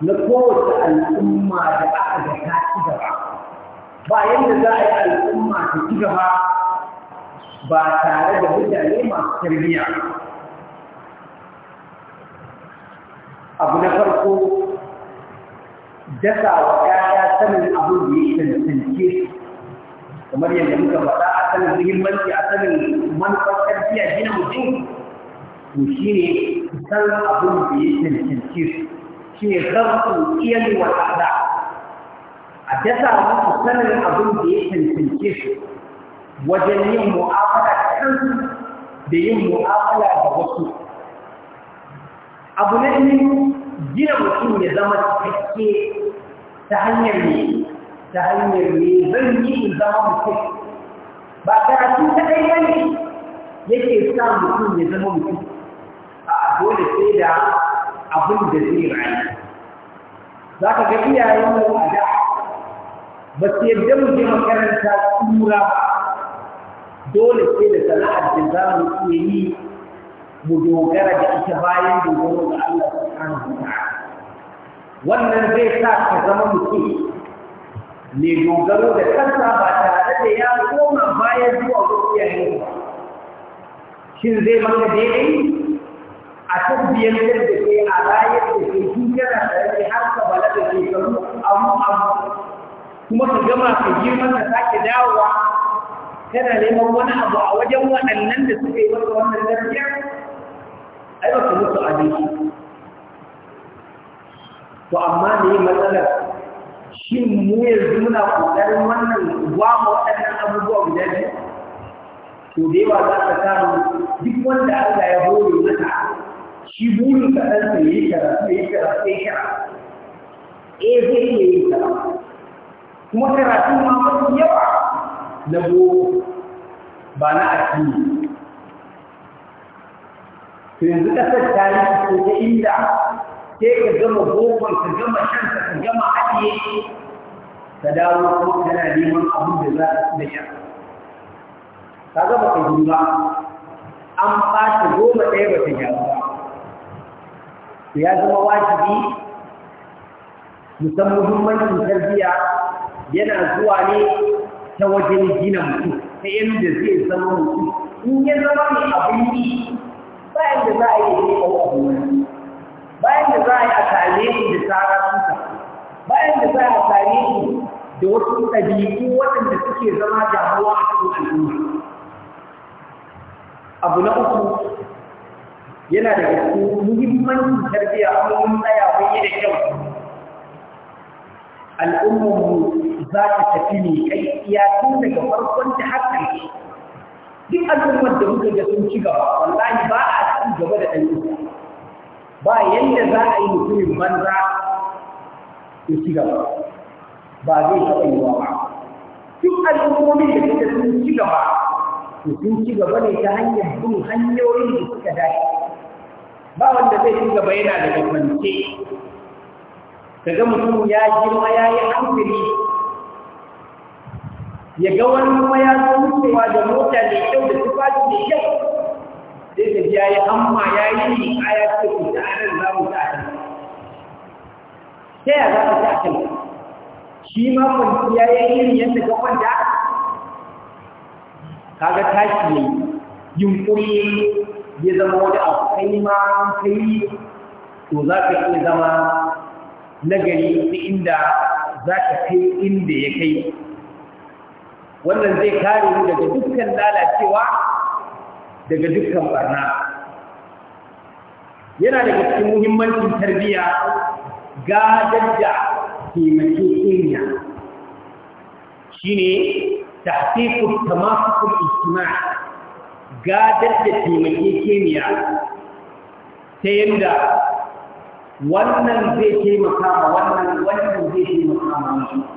na kowace al'umma da aka ga ta ci gaba ba yadda za a yi al'umma ta ci gaba ba tare da mutane masu tarbiyya abu na farko dasa wa ƴaƴa sanin abin da ya tantance kamar yadda muka faɗa a sanin muhimmanci a sanin manufar tarbiyya gina mutum to shi ne san abin da ya tantance shi ne iya yi wa wa'ada a dasa musu sanin abin da ya tantance su wajen yin mu'amala kansu da yin mu'amala da wasu abu na biyu gina mutum ya zama cikakke ta hanyar ne ta hanyar ne zan yi in zama mutum ba karatu ta ɗaya ne yake sa mutum ya zama mutum a dole sai da abin da zai rayu za ka ga iyayenmu a da ba su yadda mu je makaranta tsura ba dole sai da sana'ar da za mu iya yi mu dogara da ita bayan dogaro ga Allah subhanahu wa wannan zai sa ka zama mutum ne dogaro da kansa ba tare da ya koma bayan zuwa ga iyayen ba shin zai maka daidai a tabbiyar da ke a rayar da ke shi da tare har ka bala da shekaru abu abu kuma ka gama ka girman ka sake dawowa kana neman wani abu a wajen waɗannan da suke yi wata wannan gaskiya ai ba su mutu a jiki to amma ne matsalar shin mu yanzu muna ƙoƙarin wannan gwamma waɗannan abubuwa guda biyu to da yawa za ka samu duk wanda Allah ya hore mata shi burin ka ɗan sa yi karatu ya yi karatu ya yi karatu eh zai iya yi karatu kuma karatu ma mafi yawa na boko ba na addini to yanzu ƙasar ta yi ko ta inda sai ka gama bokon ka gama shanta ka gama haɗiye ka dawo kuma kana neman abin da za ka da sha ka gama ka ba, an ɓata goma ɗaya ba ta gyaru ba ya zama wajibi musamman muhimmancin tarbiyya yana zuwa ne ta wajen gina mutum ta yadda zai zama mutum in ya zama mai abin yi bayan da za a yi zai kawo abu bayan da za a yi a tare shi da tsara suka bayan da za a tare shi da wasu ɗabi'u waɗanda suke zama damuwa a cikin al'umma abu na uku yana da gaske muhimmancin tarbiyya a mun tsaya mun yi da kyau al'ummar za ta tafi ne kai iya tun daga farkon ta har ƙarshe duk al'ummar da muka ga sun ci gaba wallahi ba a ci gaba da ɗan ba yadda za a yi mutumin banza ya ci gaba ba zai taɓa yi ba duk al'ummomin da suka sun ci gaba to sun ci gaba ne ta hanyar bin hanyoyin da suka dace ba wanda zai ci gaba yana da kwance kaga mutum ya girma ya yi hankali ya ga wani kuma ya zo wucewa da mota mai kyau da tufafi mai kyau sai ta ji ya yi amma ya yi ne a ya ce ku ta anan za mu ta anan ta ya za a ta shi ma kwanci ya yi irin yadda ka kwanta kaga tashi ne yunkuri ya zama wani abu kai ma kai to za ka iya zama nagari ta inda za ka kai inda ya kai wannan zai kare mu daga dukkan lalacewa daga dukkan barna yana daga cikin muhimmancin tarbiyya gadar da taimakekeniya shine tahqiqut ga dajja ke mace taimakekeniya ta yadda wannan zai taimaka ma wannan wannan zai taimaka ma wannan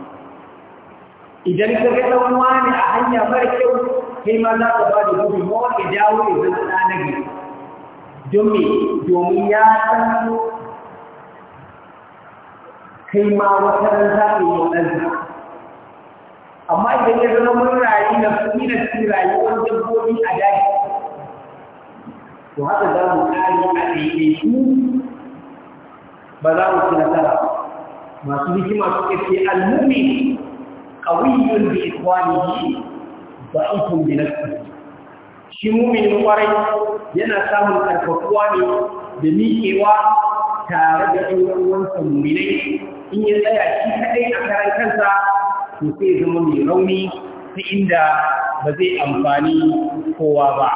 idan ka ga ɗan wani a hanya mara kyau kai ma za ka ba da gudunmawa ya dawo ya zama ɗa na gari don me domin ya san kai ma wata ran za ka yi wa amma idan ya zama mun rayu na fi na fi rayuwar dabbobi a daji to haka za mu kare a shi ba za mu ci nasara masu hikima suka ce al-mumin قوي بإخوانه ضعيف بنفسه shi muminin kwarai yana samun karfafuwa ne da miƙewa tare da ɗan uwansa muminai in ya tsaya shi kaɗai a karan kansa to sai zama mai rauni ta inda ba zai amfani kowa ba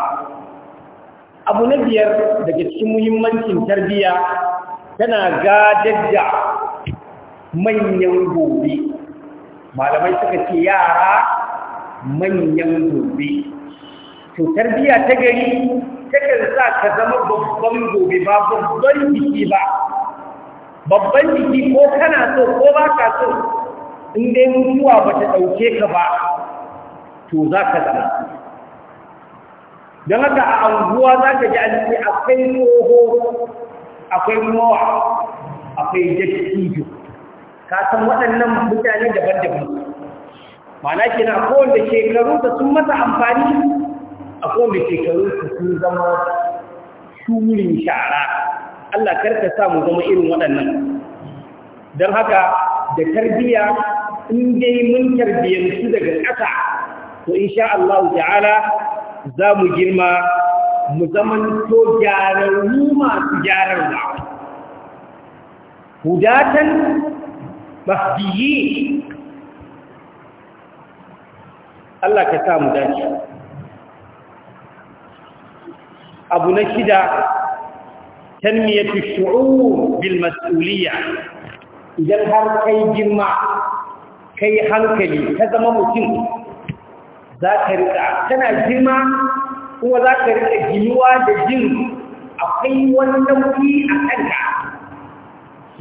abu na biyar daga cikin muhimmancin tarbiyya tana gadar da manyan gobe malamai suka ce yara manyan gobe to tarbiyya ta gari takan za ka zama babban gobe ba babban jiki ba babban jiki ko kana so ko ba ka so in dai mutuwa ba ta ɗauke ka ba to za ka zama don haka a anguwa za ka ji alƙi akwai tsoho akwai mawa akwai dattijo ka waɗannan mutane daban-daban mana kina kowanne shekaru ta sun masa amfani a kowanne shekaru ta sun zama shurin shara Allah karka sa mu zama irin waɗannan don haka da tarbiya in dai mun tarbiyyantu daga ƙasa to insha Allah ta'ala za mu girma mu zaman to gyararru masu gyararwa hudatan mahdiyi Allah ka sa mu dace abu na shida tanmiyatu shu'ur bil mas'uliyya idan har kai girma kai hankali ka zama mutum za ka rika kana girma kuma za ka rika ginuwa da jin akwai wani nauyi a kanka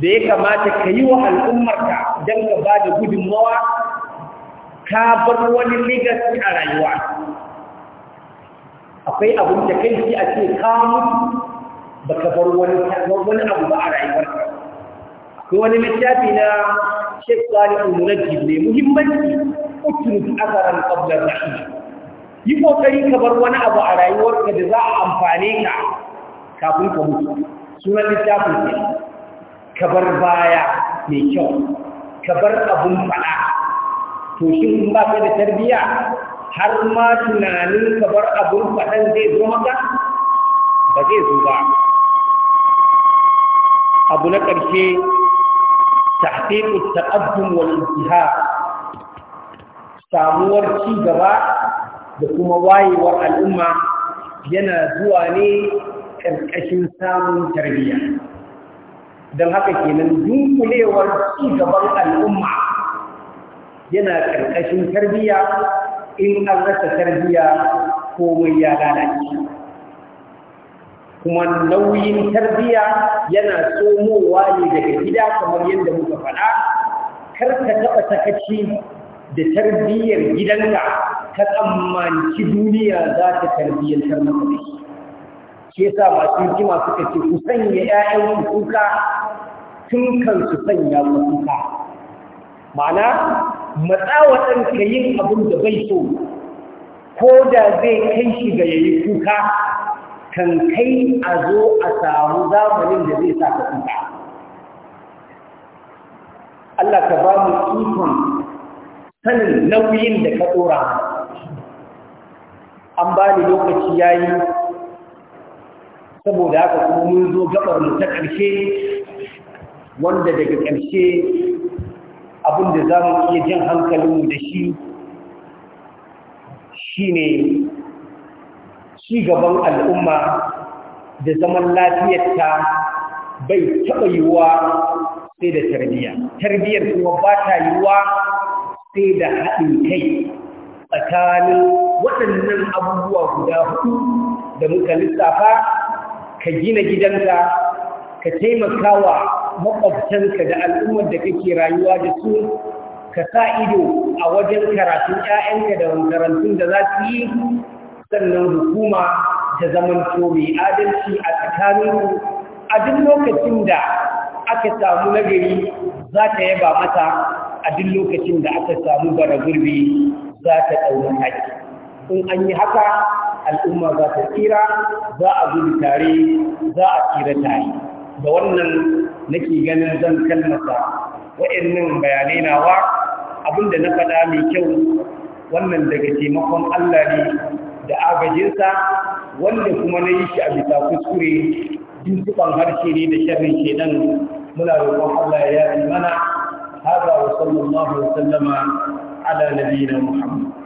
da ya kamata ka yi wa al'ummarka don ka ba da gudunmawa ka bar wani legacy a rayuwa akwai abin da kai shi a ce ka mutu ba ka bar wani abu ba a rayuwarka akwai wani littafi na shek salihu munajjib ne muhimmanci utruk asaran qabla rahim yi kokari ka bar wani abu a rayuwarka da za a amfane ka kafin ka mutu sunan littafin ne kabar baya mai kyau kabar abun faɗa to shi in ba ka da tarbiyya har ma tunanin kabar abun faɗan zai zo maka ba zai zo ba abu na ƙarshe tahqiqut taqaddum wal intiha samuwar ci gaba da kuma wayewar al'umma yana zuwa ne ƙarƙashin samun tarbiyya don haka kenan dunkulewar gaban al'umma yana ƙarƙashin tarbiyya in an rasa tarbiyya komai ya lalace kuma nauyin tarbiyya yana tsomowa ne daga gida kamar yadda muka faɗa kar ka taɓa sakaci da tarbiyyar gidanka ka tsammanci duniya za ta tarbiyyantar maka Ke sa masu hikima suka ce ku sanya ‘ya’yan kuka tun kan su sanya masu kuka ma'ana matsawa ɗan yin abin da bai so ko da zai kai shi ga yayi kuka kan kai a zo a samu zamanin da zai sa ka kuka Allah ka ba mu ikon sanin nauyin da ka tsora an ba ni lokaci yayi saboda haka kuma mun zo gabar mu ta ƙarshe wanda daga ƙarshe abin da za mu iya jan hankalinmu da shi shine ci gaban al'umma da zaman lafiyarta bai taɓa yiwuwa sai da tarbiyya tarbiyyar kuma ba ta yiwuwa sai da haɗin kai tsakanin waɗannan abubuwa guda hudu da muka lissafa ka gina gidanka ka taimaka wa maƙwabtanka da al'ummar da kake rayuwa da su ka sa ido a wajen karatun 'ya'yanka da makarantun da za su yi sannan hukuma ta zaman mai adalci a tsakanin a duk lokacin da aka samu nagari za ta yaba mata a duk lokacin da aka samu bara gurbi za ta ɗauna haƙi in an yi haka al'umma za ta tsira za a gudu tare za a tsira tare da wannan nake ganin zan kalmasa wa'annan bayanai nawa abinda na faɗa mai kyau wannan daga taimakon Allah ne da agajinsa wanda kuma na yi shi a bisa kuskure dukkan harshe ne da sharrin nan, muna roƙon Allah ya yi mana هذا وصلى الله وسلم على na muhammad.